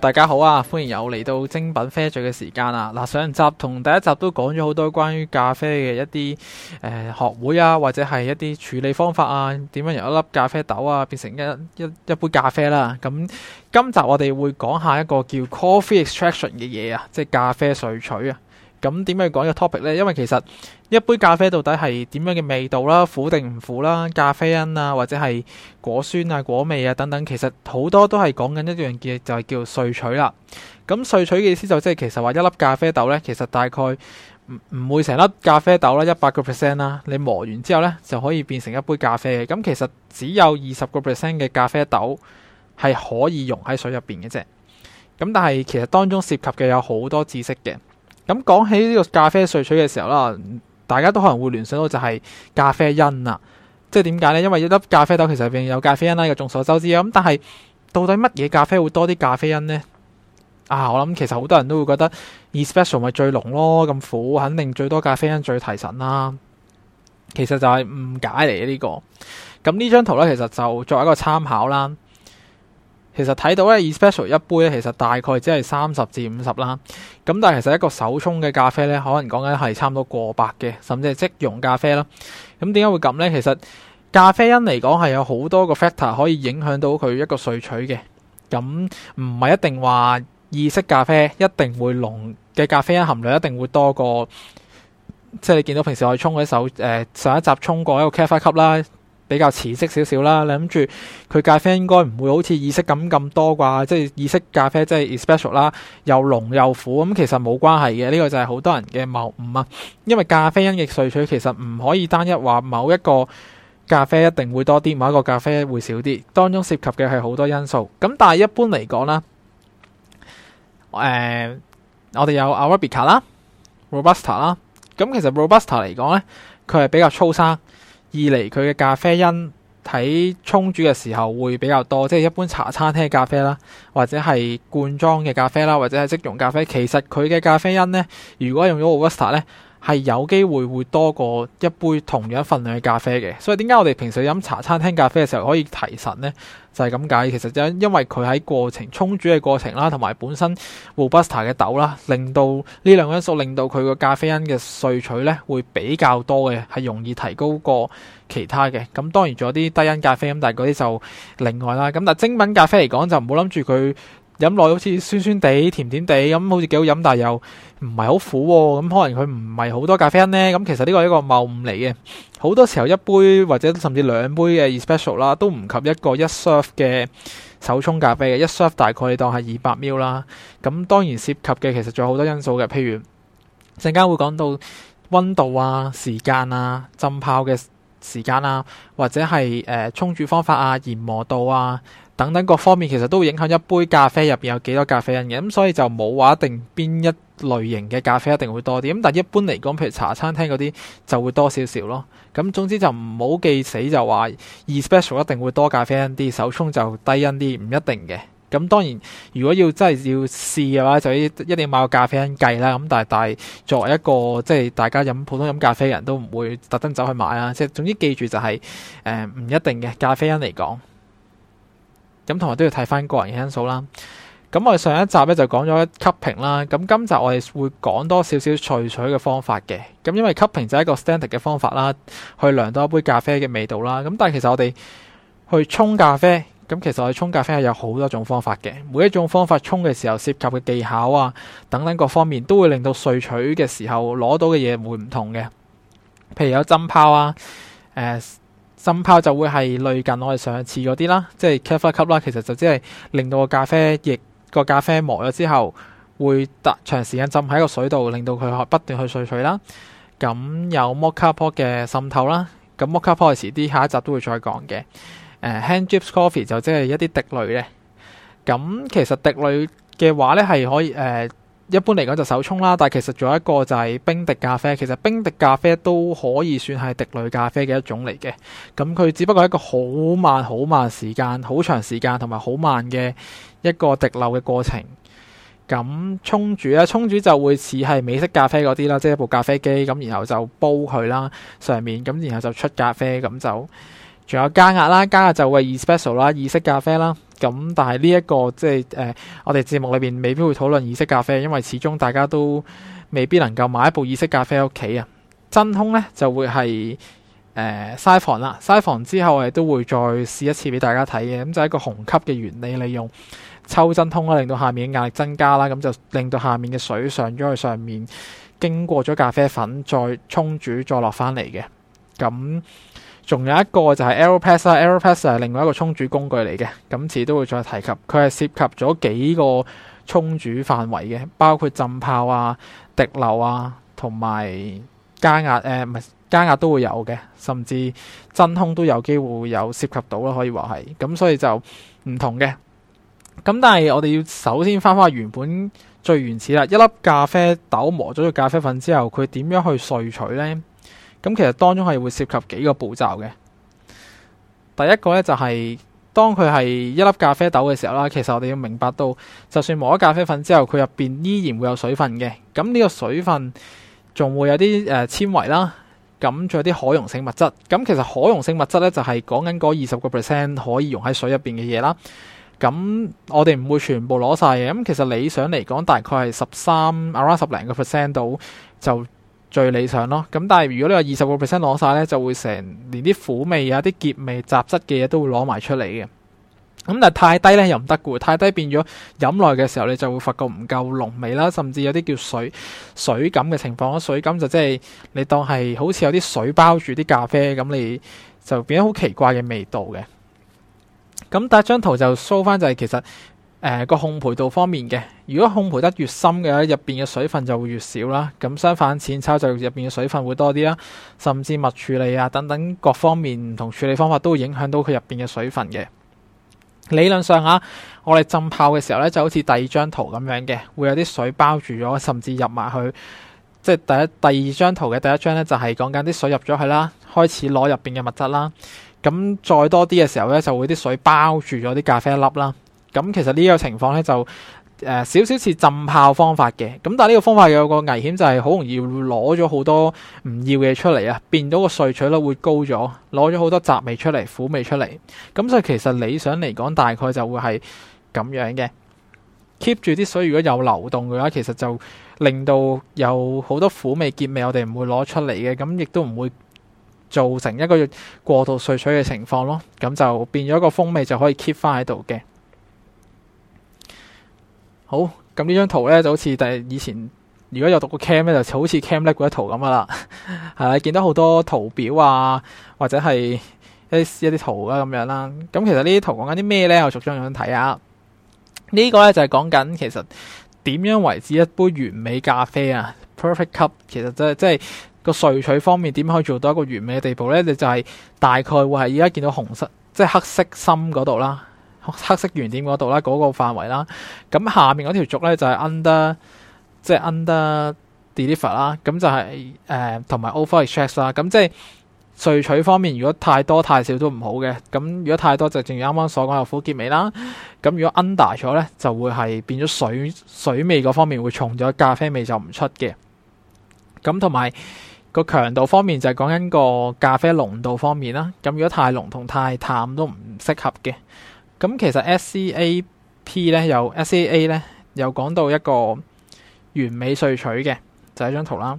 大家好啊，歡迎又嚟到精品啡聚嘅時間啊！嗱，上一集同第一集都講咗好多關於咖啡嘅一啲誒、呃、學會啊，或者係一啲處理方法啊，點樣由一粒咖啡豆啊變成一一一杯咖啡啦。咁今集我哋會講一下一個叫 coffee extraction 嘅嘢啊，即係咖啡萃取啊。咁點解要講呢個 topic 呢？因為其實一杯咖啡到底係點樣嘅味道啦，苦定唔苦啦，咖啡因啊，或者係果酸啊、果味啊等等，其實好多都係講緊一樣嘢，就係叫萃取啦。咁萃取嘅意思就即係其實話一粒咖啡豆呢，其實大概唔唔會成粒咖啡豆啦，一百個 percent 啦，你磨完之後呢，就可以變成一杯咖啡嘅。咁其實只有二十個 percent 嘅咖啡豆係可以溶喺水入邊嘅啫。咁但係其實當中涉及嘅有好多知識嘅。咁講起呢個咖啡萃取嘅時候啦，大家都可能會聯想到就係咖啡因啦。即係點解呢？因為一粒咖啡豆其實入邊有咖啡因啦，個眾所周知。咁但係到底乜嘢咖啡會多啲咖啡因呢？啊，我諗其實好多人都會覺得 Espresso 咪最濃咯，咁苦肯定最多咖啡因，最提神啦、啊。其實就係誤解嚟嘅呢個。咁呢張圖呢，其實就作為一個參考啦。其實睇到咧 Espresso 一杯咧，其實大概只係三十至五十啦。咁但係其實一個手沖嘅咖啡咧，可能講緊係差唔多過百嘅，甚至係即溶咖啡啦。咁點解會咁呢？其實咖啡因嚟講係有好多個 factor 可以影響到佢一個萃取嘅。咁唔係一定話意式咖啡一定會濃嘅咖啡因含量一定會多過，即係你見到平時我哋沖嗰啲手，誒上一集沖過一個咖啡 cup 啦。比較淺色少少啦，你諗住佢咖啡應該唔會好似意式咁咁多啩？即係意式咖啡即係 especial 啦，又濃又苦，咁、嗯、其實冇關係嘅。呢、這個就係好多人嘅謬誤啊！因為咖啡因嘅萃取其實唔可以單一話某一個咖啡一定會多啲，某一個咖啡會少啲，當中涉及嘅係好多因素。咁但係一般嚟講、呃、啦，誒，我哋有 Arabica 啦，Robusta 啦。咁其實 Robusta 嚟講咧，佢係比較粗生。二嚟佢嘅咖啡因喺沖煮嘅時候會比較多，即係一般茶餐廳咖啡啦，或者係罐裝嘅咖啡啦，或者係即溶咖啡。其實佢嘅咖啡因呢，如果用咗 Robusta 呢，係有機會會多過一杯同樣份量嘅咖啡嘅，所以點解我哋平時飲茶餐廳咖啡嘅時候可以提神呢？就係咁解。其實因因為佢喺過程沖煮嘅過程啦，同埋本身 Robusta 嘅豆啦，令到呢兩個因素令到佢個咖啡因嘅萃取呢會比較多嘅，係容易提高過其他嘅。咁當然仲有啲低因咖啡咁，但係嗰啲就另外啦。咁但精品咖啡嚟講就唔好諗住佢飲落好似酸酸地、甜甜地咁，好似幾好飲，但係又。唔係好苦喎、哦，咁可能佢唔係好多咖啡因呢。咁其實呢個係一個謬誤嚟嘅。好多時候一杯或者甚至兩杯嘅 espresso 啦，cial, 都唔及一個一 serve 嘅手沖咖啡嘅。一 serve 大概當係二百 ml 啦。咁當然涉及嘅其實仲有好多因素嘅，譬如陣間會講到温度啊、時間啊、浸泡嘅時間啊，或者係誒、呃、沖煮方法啊、研磨度啊。等等各方面其實都會影響一杯咖啡入邊有幾多咖啡因嘅，咁、嗯、所以就冇話一定邊一類型嘅咖啡一定會多啲，咁但係一般嚟講，譬如茶餐廳嗰啲就會多少少咯。咁總之就唔好記死就話二 special 一定會多咖啡因啲，手沖就低因啲，唔一定嘅。咁、嗯、當然如果要真係要試嘅話，就一定要買個咖啡因計啦。咁但係但係作為一個即係大家飲普通飲咖啡人都唔會特登走去買啦。即係總之記住就係誒唔一定嘅咖啡因嚟講。咁、嗯、同埋都要睇翻個人嘅因素啦。咁、嗯、我哋上一集咧就講咗 cupping 啦。咁、嗯、今集我哋會講多少少萃取嘅方法嘅。咁、嗯、因為 cupping 就係一個 standard 嘅方法啦，去量多一杯咖啡嘅味道啦。咁、嗯、但係其實我哋去沖咖啡，咁、嗯、其實我哋沖咖啡係有好多種方法嘅。每一種方法沖嘅時候涉及嘅技巧啊，等等各方面都會令到萃取嘅時候攞到嘅嘢會唔同嘅。譬如有浸泡啊，誒、呃。浸泡就會係類近我哋上次嗰啲啦，即係 cupping 啦，其實就即係令到個咖啡液、個咖啡磨咗之後，會達長時間浸喺個水度，令到佢不斷去萃取啦。咁有 moka pot 嘅滲透啦，咁 moka pot 遲啲下一集都會再講嘅。 uh, hand drip coffee 就即係一啲滴濾咧。咁其實滴濾嘅話咧係可以誒。呃一般嚟講就手沖啦，但係其實仲有一個就係冰滴咖啡。其實冰滴咖啡都可以算係滴類咖啡嘅一種嚟嘅。咁佢只不過係一個好慢、好慢時間、好長時間同埋好慢嘅一個滴漏嘅過程。咁沖煮咧，沖煮就會似係美式咖啡嗰啲啦，即係一部咖啡機咁，然後就煲佢啦上面，咁然後就出咖啡，咁就仲有加壓啦，加壓就係 espresso 啦，意式咖啡啦。咁，但係呢一個即係誒，我哋節目裏邊未必會討論意式咖啡，因為始終大家都未必能夠買一部意式咖啡喺屋企啊。真空呢就會係誒、呃、篩房啦，篩房之後我哋都會再試一次俾大家睇嘅，咁、嗯、就係、是、一個虹吸嘅原理，利用抽真空啦，令到下面嘅壓力增加啦，咁就令到下面嘅水上咗去上面，經過咗咖啡粉再沖煮再落返嚟嘅，咁。仲有一個就係 AeroPress 啊，AeroPress 係另外一個沖煮工具嚟嘅，今次都會再提及。佢係涉及咗幾個沖煮範圍嘅，包括浸泡啊、滴漏啊、同埋加壓誒，唔、呃、係加壓都會有嘅，甚至真空都有機會有涉及到啦，可以話係。咁所以就唔同嘅。咁但係我哋要首先翻翻原本最原始啦，一粒咖啡豆磨咗個咖啡粉之後，佢點樣去萃取呢？咁其實當中係會涉及幾個步驟嘅。第一個呢，就係當佢係一粒咖啡豆嘅時候啦，其實我哋要明白到，就算磨咗咖啡粉之後，佢入邊依然會有水分嘅。咁呢個水分仲會有啲誒纖維啦，咁仲有啲可溶性物質。咁其實可溶性物質呢，就係講緊嗰二十個 percent 可以溶喺水入邊嘅嘢啦。咁我哋唔會全部攞晒嘅。咁其實理想嚟講，大概係十三、around 十零個 percent 到就。最理想咯，咁但係如果你話二十個 percent 攞晒咧，就會成連啲苦味啊、啲澀味、雜質嘅嘢，都會攞埋出嚟嘅。咁但係太低咧又唔得嘅，太低變咗飲耐嘅時候，你就會發覺唔夠濃味啦，甚至有啲叫水水感嘅情況。水感就即係你當係好似有啲水包住啲咖啡，咁你就變咗好奇怪嘅味道嘅。咁第二張圖就 show 翻就係、是、其實。誒個烘焙度方面嘅，如果烘焙得越深嘅，入邊嘅水分就會越少啦。咁相反，淺炒就入邊嘅水分會多啲啦。甚至物處理啊等等各方面唔同處理方法都會影響到佢入邊嘅水分嘅。理論上啊，我哋浸泡嘅時候咧，就好似第二張圖咁樣嘅，會有啲水包住咗，甚至入埋去。即係第一第二張圖嘅第一張咧，就係講緊啲水入咗去啦，開始攞入邊嘅物質啦。咁再多啲嘅時候咧，就會啲水包住咗啲咖啡粒啦。咁其實呢個情況咧，就、呃、誒少少似浸泡方法嘅。咁但係呢個方法有個危險，就係好容易攞咗好多唔要嘅出嚟啊，變咗個萃取率會高咗，攞咗好多雜味出嚟、苦味出嚟。咁所以其實理想嚟講，大概就會係咁樣嘅。keep 住啲水，如果有流動嘅話，其實就令到有好多苦味、結味、澀味，我哋唔會攞出嚟嘅。咁亦都唔會造成一個過度萃取嘅情況咯。咁就變咗個風味就可以 keep 翻喺度嘅。好，咁呢張圖咧就好似第以前，如果有讀過 cam 咧，就好似 cam 叻嗰一圖咁噶啦，係 啦、啊，見到好多圖表啊，或者係一啲一啲圖啦、啊、咁樣啦。咁其實呢啲圖講緊啲咩咧？我逐張樣睇下、啊。這個、呢個咧就係講緊其實點樣為之一杯完美咖啡啊？Perfect cup，其實即係即係個萃取方面點可以做到一個完美嘅地步咧？你就係、是、大概會係而家見到紅色，即、就、係、是、黑色深嗰度啦。黑色原點嗰度啦，嗰、嗰個範圍啦。咁下面嗰條軸咧就係 under，即係 under deliver 啦。咁、呃、就係誒同埋 over extract 啦。咁即係萃取方面，如果太多太少都唔好嘅。咁如果太多就正如啱啱所講有苦澀味啦。咁如果 under 咗咧，就會係變咗水水味嗰方面會重咗，咖啡味就唔出嘅。咁同埋個強度方面就係講緊個咖啡濃度方面啦。咁如果太濃同太淡都唔適合嘅。咁其實 SCAP 呢，由 SCAA 咧，又講到一個完美萃取嘅，就係一張圖啦。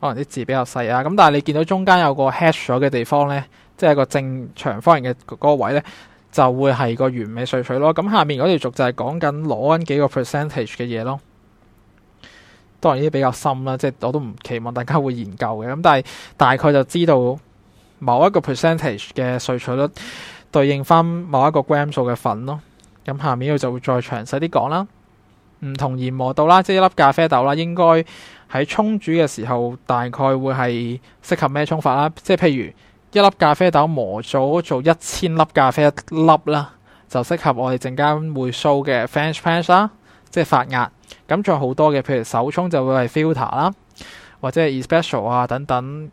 可能啲字比較細啊，咁但係你見到中間有個 hash 咗嘅地方呢，即係個正長方形嘅嗰個位呢，就會係個完美萃取咯。咁下面嗰條軸就係講緊攞緊幾個 percentage 嘅嘢咯。當然呢啲比較深啦，即係我都唔期望大家會研究嘅。咁但係大概就知道，某一個 percentage 嘅萃取率對應翻某一個 gram 數嘅粉咯，咁下面我就會再詳細啲講啦。唔同研磨度啦，即係一粒咖啡豆啦，應該喺沖煮嘅時候大概會係適合咩沖法啦？即係譬如一粒咖啡豆磨咗做一千粒咖啡一粒啦，就適合我哋陣間會 show 嘅 French press 啦，即係法壓。咁仲有好多嘅，譬如手沖就會係 filter 啦，或者係 espresso 啊等等。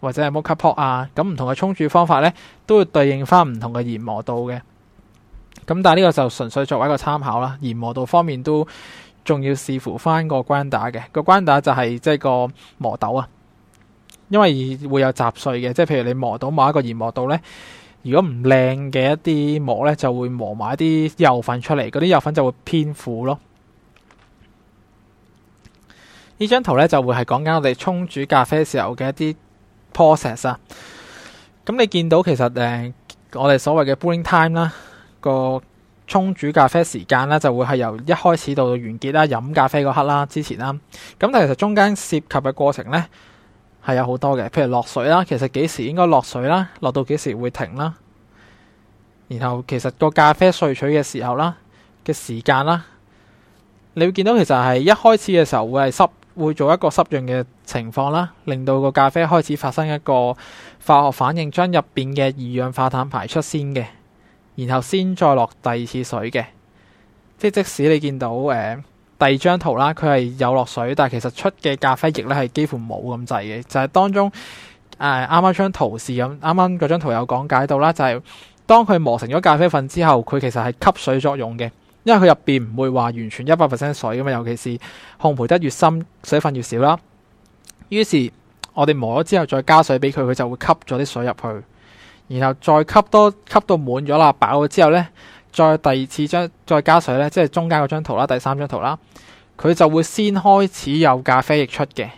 或者係摩卡泡啊，咁唔同嘅沖煮方法呢，都會對應翻唔同嘅研磨度嘅。咁但係呢個就純粹作為一個參考啦。研磨度方面都仲要視乎翻個關打嘅，個關打、er、就係、是、即係個磨豆啊。因為會有雜碎嘅，即係譬如你磨到某一個研磨度呢，如果唔靚嘅一啲磨呢，就會磨埋一啲油粉出嚟，嗰啲油粉就會偏苦咯。呢張圖呢，就會係講緊我哋沖煮咖啡時候嘅一啲 process 啊，咁你見到其實誒、呃，我哋所謂嘅 brewing time 啦，個沖煮咖啡時間咧，就會係由一開始到到完結啦，飲咖啡嗰刻啦，之前啦，咁但其實中間涉及嘅過程咧，係有好多嘅，譬如落水啦，其實幾時應該落水啦，落到幾時會停啦，然後其實個咖啡萃取嘅時候啦，嘅時間啦，你會見到其實係一開始嘅時候會係濕。會做一個濕潤嘅情況啦，令到個咖啡開始發生一個化學反應，將入邊嘅二氧化碳排出先嘅，然後先再落第二次水嘅。即即使你見到誒、呃、第二張圖啦，佢係有落水，但係其實出嘅咖啡液咧係幾乎冇咁滯嘅。就係、是、當中誒啱啱張圖示咁，啱啱嗰張圖有講解到啦，就係、是、當佢磨成咗咖啡粉之後，佢其實係吸水作用嘅。因為佢入邊唔會話完全一百 percent 水噶嘛，尤其是烘焙得越深，水分越少啦。於是我哋磨咗之後再加水俾佢，佢就會吸咗啲水入去，然後再吸多吸到滿咗啦，飽咗之後呢，再第二次將再加水呢，即係中間嗰張圖啦，第三張圖啦，佢就會先開始有咖啡液出嘅，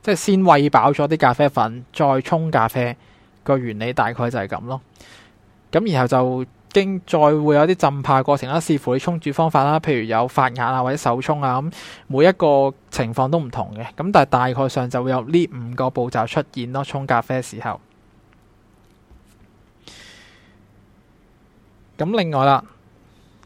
即係先餵飽咗啲咖啡粉，再沖咖啡，個原理大概就係咁咯。咁然後就。經再會有啲浸泡過程啦，視乎你沖煮方法啦，譬如有法壓啊或者手沖啊，咁每一個情況都唔同嘅。咁但係大概上就會有呢五個步驟出現咯，沖咖啡嘅時候。咁另外啦，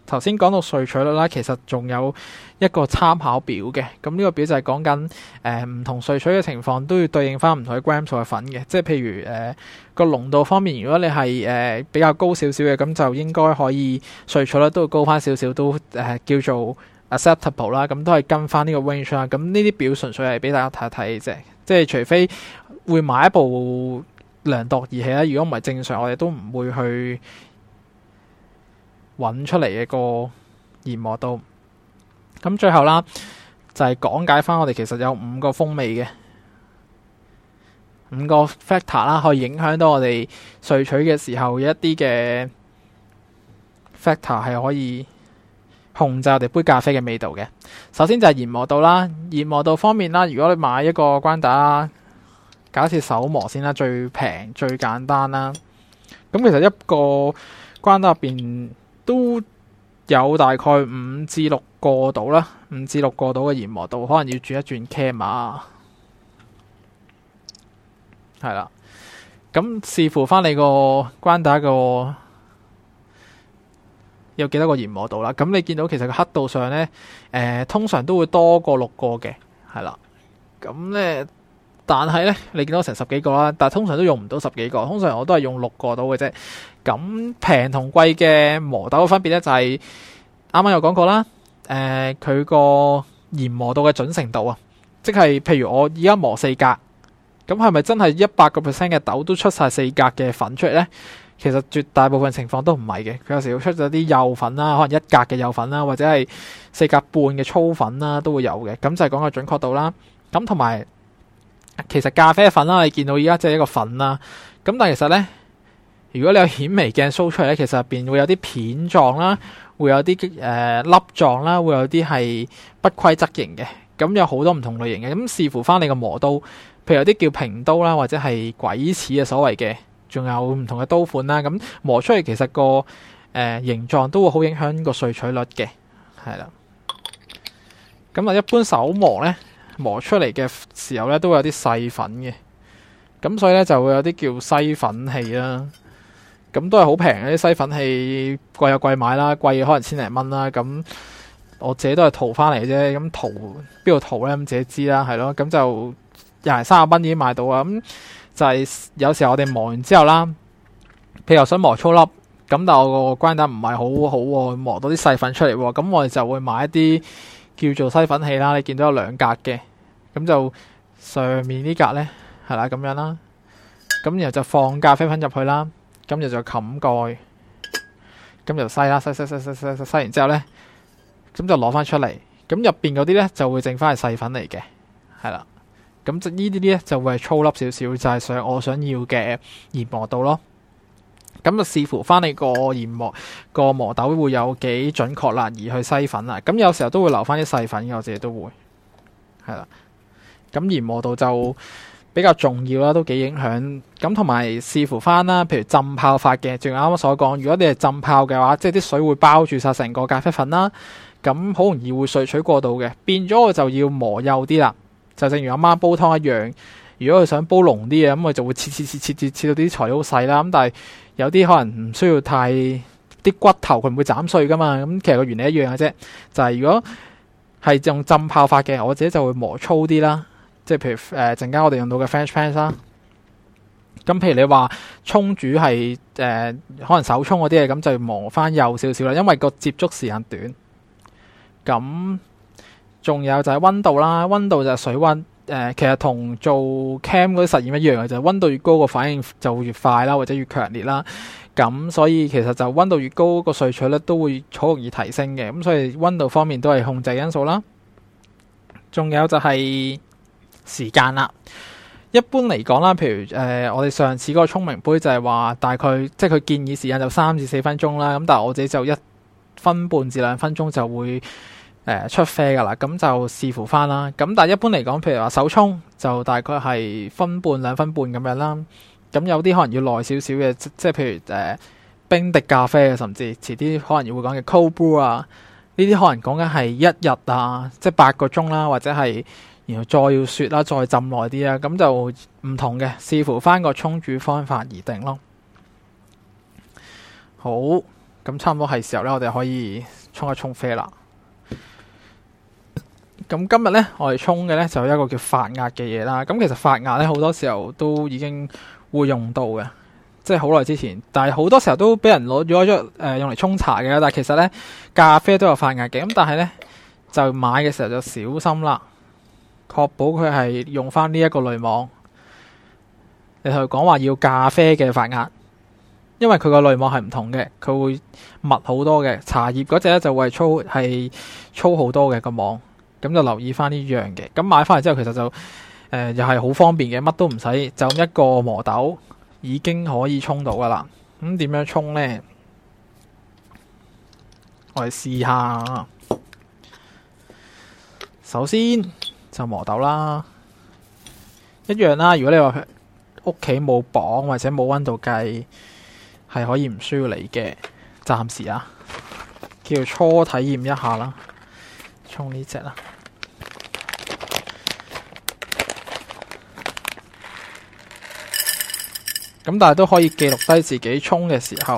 頭先講到萃取率啦，其實仲有，一個參考表嘅，咁、這、呢個表就係講緊誒唔同萃取嘅情況都要對應翻唔同嘅 grams 嘅粉嘅，即係譬如誒、呃這個濃度方面，如果你係誒、呃、比較高少少嘅，咁就應該可以萃取率都會高翻少少，都誒、呃、叫做 acceptable 啦，咁、嗯、都係跟翻呢個 range 啦、嗯。咁呢啲表純粹係俾大家睇一睇啫，即係除非會買一部量度儀器啦，如果唔係正常，我哋都唔會去揾出嚟嘅個研磨度。咁最後啦，就係講解翻我哋其實有五個風味嘅五個 factor 啦，可以影響到我哋萃取嘅時候有一啲嘅 factor 係可以控制我哋杯咖啡嘅味道嘅。首先就係研磨度啦，研磨度方面啦，如果你買一個關打啦，假設手磨先啦，最平最簡單啦。咁其實一個關打入邊都有大概五至六，過度啦，五至六個度嘅研磨度，可能要轉一轉 camera，係啦。咁視乎翻你個關打個有幾多個研磨度啦。咁你見到其實個黑度上呢、呃，通常都會多過六個嘅，係啦。咁呢，但係呢，你見到成十幾個啦，但係通常都用唔到十幾個，通常我都係用六個到嘅啫。咁平同貴嘅磨豆嘅分別呢，就係啱啱有講過啦。誒，佢個、呃、研磨到嘅準程度啊，即係譬如我而家磨四格，咁係咪真係一百個 percent 嘅豆都出晒四格嘅粉出嚟呢？其實絕大部分情況都唔係嘅，佢有時會出咗啲幼粉啦，可能一格嘅幼粉啦，或者係四格半嘅粗粉啦，都會有嘅。咁就係講個準確度啦。咁同埋，其實咖啡粉啦，你見到而家即係一個粉啦。咁但係其實呢，如果你有顯微鏡 show 出嚟咧，其實入邊會有啲片狀啦。會有啲誒、呃、粒狀啦，會有啲係不規則型嘅，咁有好多唔同類型嘅，咁視乎翻你個磨刀，譬如有啲叫平刀啦，或者係鬼齒嘅所謂嘅，仲有唔同嘅刀款啦，咁磨出嚟其實個、呃、形狀都會好影響個萃取率嘅，係啦。咁啊，一般手磨呢，磨出嚟嘅時候呢，都會有啲細粉嘅，咁所以呢，就會有啲叫細粉器啦。咁都係好平啲篩粉器貴就貴，貴有貴買啦，貴可能千零蚊啦。咁我自己都係淘翻嚟啫。咁淘邊度淘呢？你自己知啦，係咯。咁就又係三廿蚊已經買到啊。咁就係有時候我哋磨完之後啦，譬如想磨粗粒，咁但我個關卡唔係好好，磨到啲細粉出嚟。咁我哋就會買一啲叫做篩粉器啦。你見到有兩格嘅，咁就上面呢格呢，係啦咁樣啦。咁然後就放咖啡粉入去啦。咁就再冚蓋，咁就篩啦，篩篩篩篩篩篩，篩完之後咧，咁就攞翻出嚟，咁入邊嗰啲咧就會剩翻係細粉嚟嘅，係啦，咁呢啲啲咧就會係粗粒少少，就係想我想要嘅研磨度咯。咁就視乎翻你個研磨個磨豆會有幾準確啦，而去篩粉啦。咁有時候都會留翻啲細粉嘅，我自己都會係啦。咁研磨度就～比較重要啦，都幾影響咁，同埋視乎翻啦。譬如浸泡法嘅，正如啱啱所講，如果你係浸泡嘅話，即係啲水會包住晒成個咖啡粉啦，咁好容易會萃取過度嘅，變咗我就要磨幼啲啦。就正如阿媽煲湯一樣，如果佢想煲濃啲嘅，咁我就會切切切切切到啲材料好細啦。咁但係有啲可能唔需要太啲骨頭，佢唔會斬碎噶嘛。咁其實個原理一樣嘅啫，就係如果係用浸泡法嘅，我自己就會磨粗啲啦。即係譬如誒陣間我哋用到嘅 French press 啦，咁譬如你話沖煮係誒、呃、可能手沖嗰啲嘢咁就要磨翻幼少少啦，因為個接觸時間短。咁仲有就係温度啦，温度就係水温誒、呃，其實同做 cam 嗰啲實驗一樣嘅，就係、是、温度越高個反應就越快啦，或者越強烈啦。咁所以其實就温度越高個萃取率咧都會好容易提升嘅。咁所以温度方面都係控制因素啦。仲有就係、是。時間啦，一般嚟講啦，譬如誒、呃，我哋上次嗰個聰明杯就係話大概即係佢建議時間就三至四分鐘啦，咁但係我自己就一分半至兩分鐘就會誒、呃、出啡噶啦，咁就視乎翻啦。咁但係一般嚟講，譬如話手沖就大概係分半兩分半咁樣啦，咁有啲可能要耐少少嘅，即係譬如誒、呃、冰滴咖啡啊，甚至遲啲可能要會講嘅 cold brew 啊，呢啲可能講緊係一日啊，即係八個鐘啦，或者係。然後再要說啦，再浸耐啲啊，咁就唔同嘅，視乎翻個沖煮方法而定咯。好，咁差唔多係時候呢，我哋可以沖一沖啡啦。咁今日呢，我哋沖嘅呢就有一個叫法壓嘅嘢啦。咁其實法壓呢，好多時候都已經會用到嘅，即係好耐之前，但係好多時候都俾人攞咗咗誒用嚟沖茶嘅。但係其實呢，咖啡都有法壓嘅，咁但係呢，就買嘅時候就小心啦。確保佢係用翻呢一個濾網，你同佢講話要咖啡嘅法壓，因為佢個濾網係唔同嘅，佢會密好多嘅。茶葉嗰隻咧就會係粗，係粗好多嘅個網，咁就留意翻呢樣嘅。咁買翻嚟之後，其實就誒、呃、又係好方便嘅，乜都唔使，就一個磨豆已經可以沖到噶啦。咁點樣沖呢？我哋試下。首先。就磨豆啦，一樣啦。如果你話屋企冇磅或者冇溫度計，係可以唔需要你嘅。暫時啊，叫初體驗一下啦，沖呢隻啦。咁但係都可以記錄低自己沖嘅時候，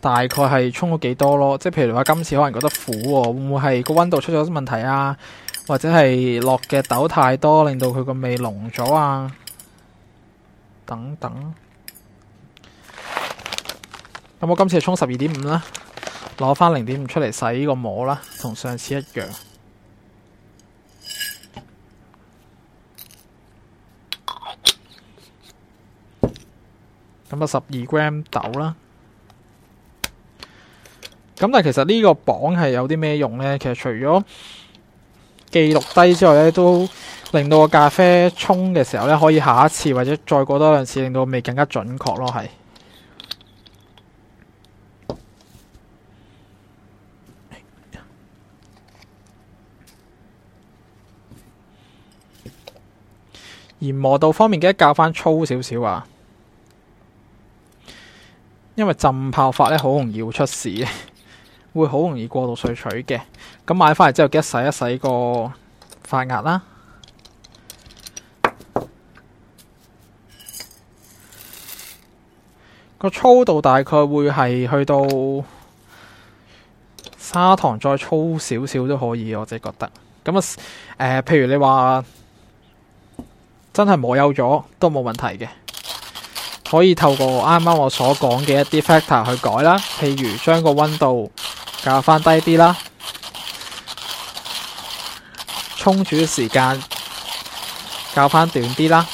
大概係沖咗幾多咯。即係譬如話今次可能覺得苦，啊，會唔會係個溫度出咗啲問題啊？或者係落嘅豆太多，令到佢個味濃咗啊！等等，咁我今次沖十二點五啦，攞翻零點五出嚟洗個膜啦，同上次一樣。咁啊，十二 gram 豆啦。咁但其實呢個磅係有啲咩用呢？其實除咗記錄低之外呢，都令到個咖啡沖嘅時候呢，可以下一次或者再過多兩次，令到味更加準確咯。係研磨度方面記得教翻粗少少啊，因為浸泡法呢，好容易會出事。會好容易過度萃取嘅，咁買翻嚟之後記得洗一洗個法壓啦。個粗度大概會係去到砂糖再粗少少都可以，我自己覺得。咁啊，誒、呃，譬如你話真係磨幼咗都冇問題嘅。可以透過啱啱我所講嘅一啲 factor 去改啦，譬如將個温度校翻低啲啦，沖煮嘅時間校翻短啲啦。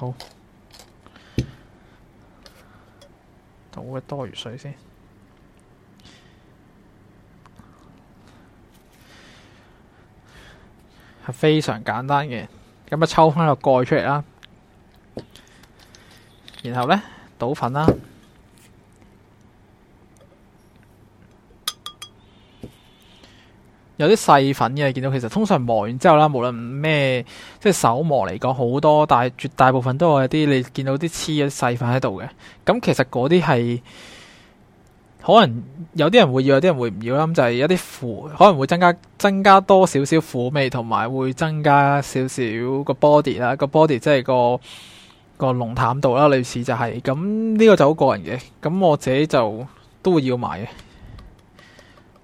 好，倒嘅多餘水先，係非常簡單嘅。咁啊，抽翻個蓋出嚟啦，然後咧，倒粉啦。有啲細粉嘅，你見到其實通常磨完之後啦，無論咩即係手磨嚟講好多，但係絕大部分都係有啲你見到啲黐嘅細粉喺度嘅。咁其實嗰啲係可能有啲人會要，有啲人會唔要啦。咁就係一啲苦，可能會增加增加多少少苦味，同埋會增加少少個 body 啦，個 body 即係個個濃淡度啦。類似就係咁。呢個就好個人嘅。咁我自己就都會要買嘅。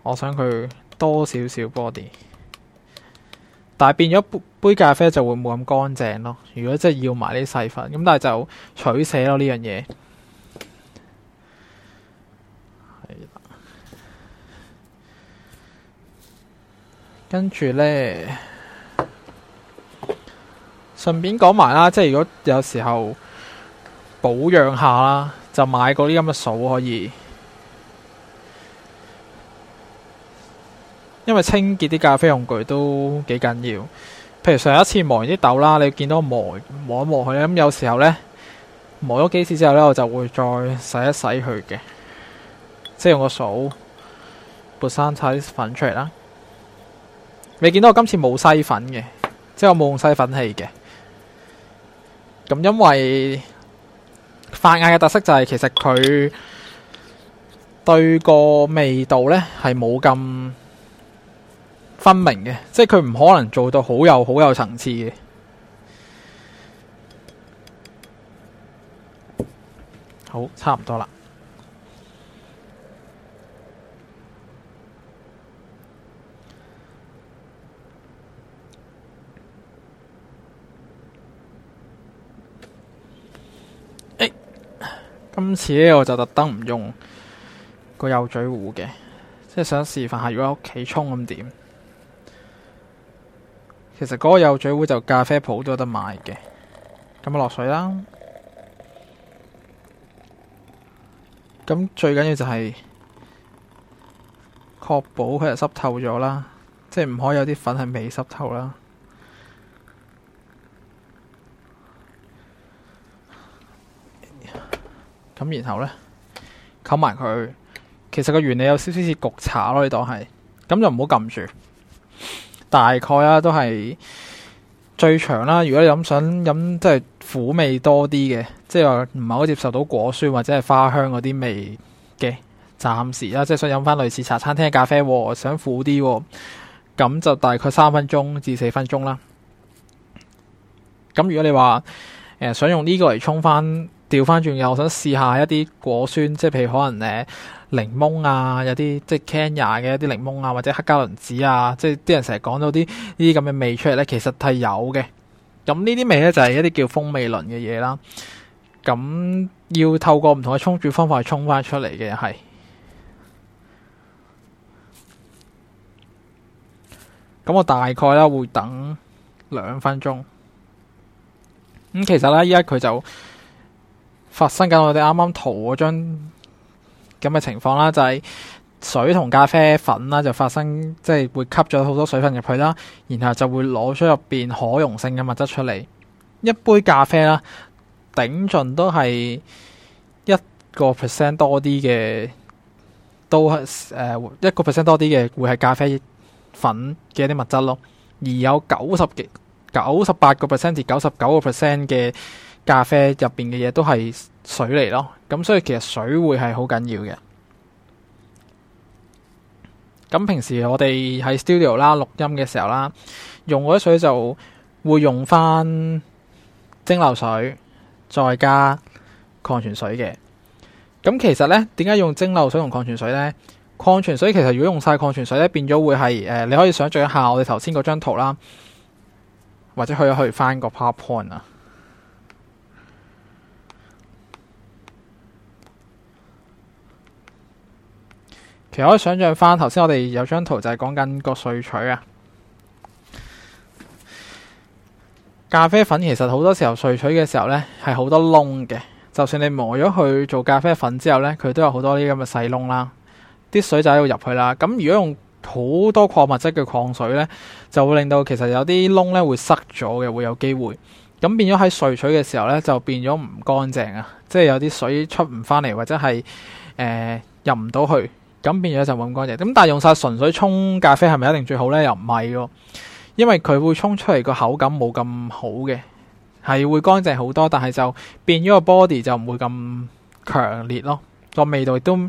我想佢。多少少 body，但係變咗杯，杯咖啡就會冇咁乾淨咯。如果真係要埋啲細粉，咁但係就取捨咯呢樣嘢。跟住呢，順便講埋啦，即係如果有時候保養下啦，就買嗰啲咁嘅掃可以。因為清潔啲咖啡用具都幾緊要，譬如上一次磨完啲豆啦，你見到磨磨一磨佢咁，嗯、有時候呢磨咗幾次之後呢，我就會再洗一洗佢嘅，即係用個掃撥生晒啲粉出嚟啦。你見到我今次冇細粉嘅，即係我冇用細粉器嘅。咁，嗯，因為法壓嘅特色就係、是，其實佢對個味道呢係冇咁分明嘅，即係佢唔可能做到好有好有層次嘅。好，差唔多啦。欸，今次呢，我就特登唔用個幼嘴壺嘅，即係想示範下如果喺屋企沖咁點。其實嗰個幼嘴壺就咖啡鋪都有得買嘅，咁就落水啦。咁最緊要就係確保佢係濕透咗啦，即係唔可以有啲粉係未濕透啦。咁然後呢，冚埋佢。其實個原理有少少似焗茶咯，呢度係。咁就唔好撳住。大概啊，都係最長啦。如果你飲想飲，即係苦味多啲嘅，即係唔係好接受到果酸或者係花香嗰啲味嘅，暫時啊，即係想飲翻類似茶餐廳嘅咖啡，想苦啲，咁就大概三分鐘至四分鐘啦。咁如果你話誒、呃、想用呢個嚟，沖翻調翻轉，又想試下一啲果酸，即係譬如可能咧。呃檸檬啊，有啲即係 Kenya 嘅一啲檸檬啊，或者黑加侖子啊，即係啲人成日講到啲呢啲咁嘅味出嚟咧，其實係有嘅。咁呢啲味咧就係一啲叫風味輪嘅嘢啦。咁要透過唔同嘅沖煮方法去沖返出嚟嘅係。咁我大概咧會等兩分鐘。咁、嗯、其實咧依家佢就發生緊我哋啱啱圖嗰張。咁嘅情況啦，就係、是、水同咖啡粉啦，就發生即係、就是、會吸咗好多水分入去啦，然後就會攞出入邊可溶性嘅物質出嚟。一杯咖啡啦，頂盡都係一個 percent 多啲嘅，都係誒、呃、一個 percent 多啲嘅，會係咖啡粉嘅一啲物質咯。而有九十幾、九十八個 percent 至九十九個 percent 嘅咖啡入邊嘅嘢都係。水嚟咯，咁所以其實水會係好緊要嘅。咁平時我哋喺 studio 啦，錄音嘅時候啦，用嗰啲水就會用翻蒸餾水，再加礦泉水嘅。咁其實呢，點解用蒸餾水同礦泉水呢？礦泉水其實如果用晒礦泉水咧，變咗會係誒、呃，你可以想象一下我哋頭先嗰張圖啦，或者去一去翻個 PowerPoint 啊。其實可以想象翻頭先，我哋有張圖就係講緊個萃取啊。咖啡粉其實好多時候萃取嘅時候呢，係好多窿嘅。就算你磨咗去做咖啡粉之後呢，佢都有好多啲咁嘅細窿啦。啲水就喺度入去啦。咁如果用好多礦物質嘅礦水呢，就會令到其實有啲窿呢會塞咗嘅，會有機會咁變咗喺萃取嘅時候呢，就變咗唔乾淨啊，即係有啲水出唔返嚟，或者係、呃、入唔到去。咁變咗就冇咁乾淨。咁但係用晒純水沖咖啡係咪一定最好呢？又唔係喎，因為佢會沖出嚟個口感冇咁好嘅，係會乾淨好多，但係就變咗個 body 就唔會咁強烈咯。個味道亦都唔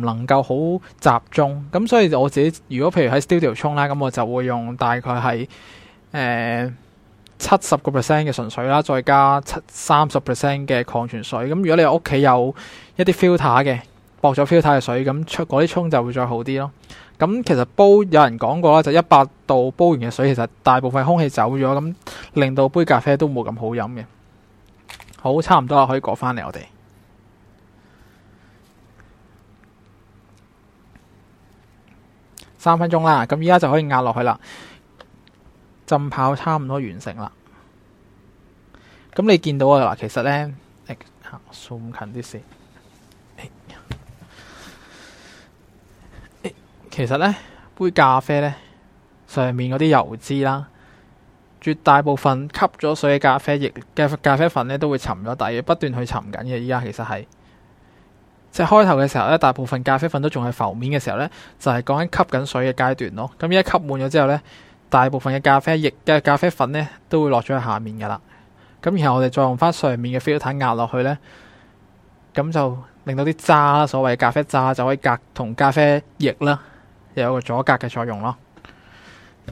能夠好集中。咁所以我自己如果譬如喺 studio 沖啦，咁我就會用大概係誒七十個 percent 嘅純水啦，再加七三十 percent 嘅礦泉水。咁如果你屋企有一啲 filter 嘅。薄咗 feel 太嘅水，咁出嗰啲沖就會再好啲咯。咁其實煲，有人講過啦，就一百度煲完嘅水，其實大部分空氣走咗，咁令到杯咖啡都冇咁好飲嘅。好，差唔多啦，可以過返嚟我哋。三分鐘啦，咁依家就可以壓落去啦。浸泡差唔多完成啦。咁你見到啊嗱，其實咧，吓數唔近啲先。其實呢杯咖啡呢，上面嗰啲油脂啦，絕大部分吸咗水嘅咖啡液嘅咖啡粉呢都會沉咗底，係不斷去沉緊嘅。依家其實係即係開頭嘅時候呢，大部分咖啡粉都仲係浮面嘅時候呢，就係講緊吸緊水嘅階段咯。咁依家吸滿咗之後呢，大部分嘅咖啡液嘅咖啡粉呢，都會落咗去下面噶啦。咁然後我哋再用翻上面嘅 filter 壓落去呢，咁就令到啲渣，所謂咖啡渣就可以隔同咖啡液啦。有個阻隔嘅作用咯，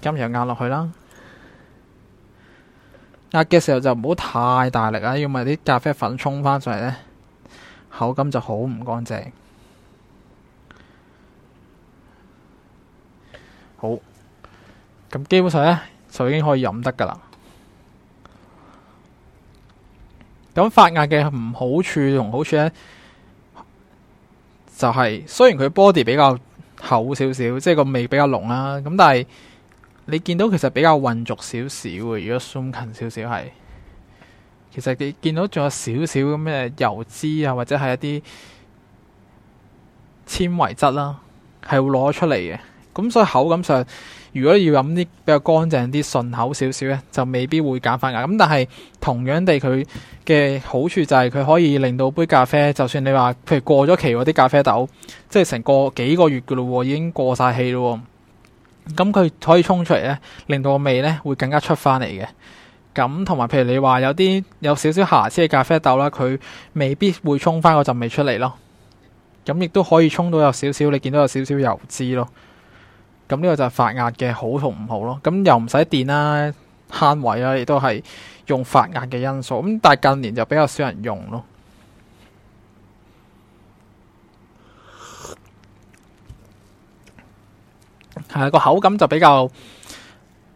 咁就壓落去啦，壓嘅時候就唔好太大力啊，要咪啲咖啡粉沖翻上嚟咧，口感就好唔乾淨。好，咁基本上咧就已經可以飲得噶啦。咁發壓嘅唔好處同好處咧，就係、是、雖然佢 body 比較。厚少少，即係個味比較濃啦。咁但係你見到其實比較渾濁少少嘅，如果 zoom 近少少係，其實你見到仲有少少咁嘅油脂啊，或者係一啲纖維質啦，係會攞出嚟嘅。咁所以口感上。如果要飲啲比較乾淨啲、順口少少咧，就未必會揀翻㗎。咁但係同樣地，佢嘅好處就係佢可以令到杯咖啡，就算你話譬如過咗期嗰啲咖啡豆，即係成個幾個月嘅咯，已經過晒氣咯。咁佢可以沖出嚟咧，令到個味咧會更加出翻嚟嘅。咁同埋譬如你話有啲有少少瑕疵嘅咖啡豆啦，佢未必會沖翻個陣味出嚟咯。咁亦都可以沖到有少少，你見到有少少油脂咯。咁呢個就係法壓嘅好同唔好咯，咁又唔使電啦、啊、慳位啦、啊，亦都係用法壓嘅因素。咁但係近年就比較少人用咯。係個口感就比較誒、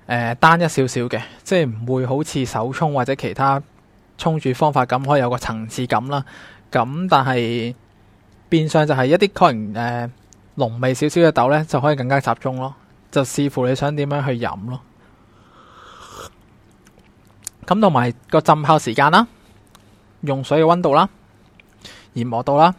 呃、單一少少嘅，即係唔會好似手沖或者其他沖煮方法咁可以有個層次感啦。咁但係變相就係一啲可能誒。呃濃味少少嘅豆呢就可以更加集中咯。就視乎你想點樣去飲咯。咁同埋個浸泡時間啦、啊、用水嘅溫度啦、啊、研磨度啦、啊，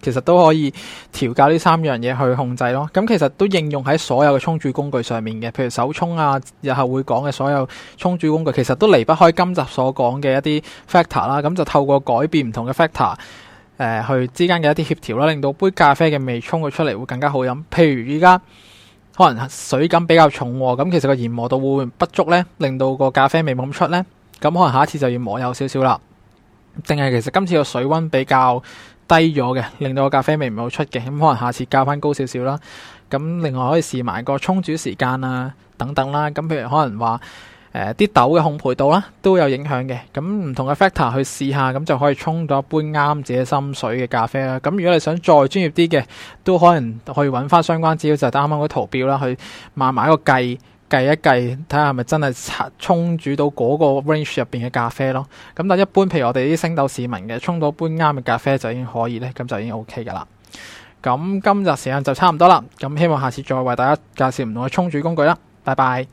其實都可以調教呢三樣嘢去控制咯。咁其實都應用喺所有嘅沖煮工具上面嘅，譬如手沖啊，日後會講嘅所有沖煮工具，其實都離不開今集所講嘅一啲 factor 啦。咁就透過改變唔同嘅 factor。誒去、呃、之間嘅一啲協調啦，令到杯咖啡嘅味沖咗出嚟會更加好飲。譬如依家可能水感比較重，咁、哦、其實個研磨度會唔會不足呢，令到個咖啡味冇咁出呢。咁、嗯、可能下一次就要磨幼少少啦。定係其實今次個水溫比較低咗嘅，令到個咖啡味唔好出嘅，咁、嗯、可能下次加翻高少少啦。咁、嗯、另外可以試埋個沖煮時間啊等等啦。咁、嗯、譬如可能話。誒，啲、呃、豆嘅烘焙度啦，都有影響嘅。咁唔同嘅 factor 去試下，咁就可以沖到一杯啱自己心水嘅咖啡啦。咁如果你想再專業啲嘅，都可能可以搵翻相關資料，就啱啱嗰個圖表啦，去慢慢一個計計一計，睇下係咪真係沖煮到嗰個 range 入邊嘅咖啡咯。咁但一般，譬如我哋啲升斗市民嘅，沖到一杯啱嘅咖啡就已經可以咧，咁就已經 OK 噶啦。咁今日時間就差唔多啦，咁希望下次再為大家介紹唔同嘅沖煮工具啦。拜拜。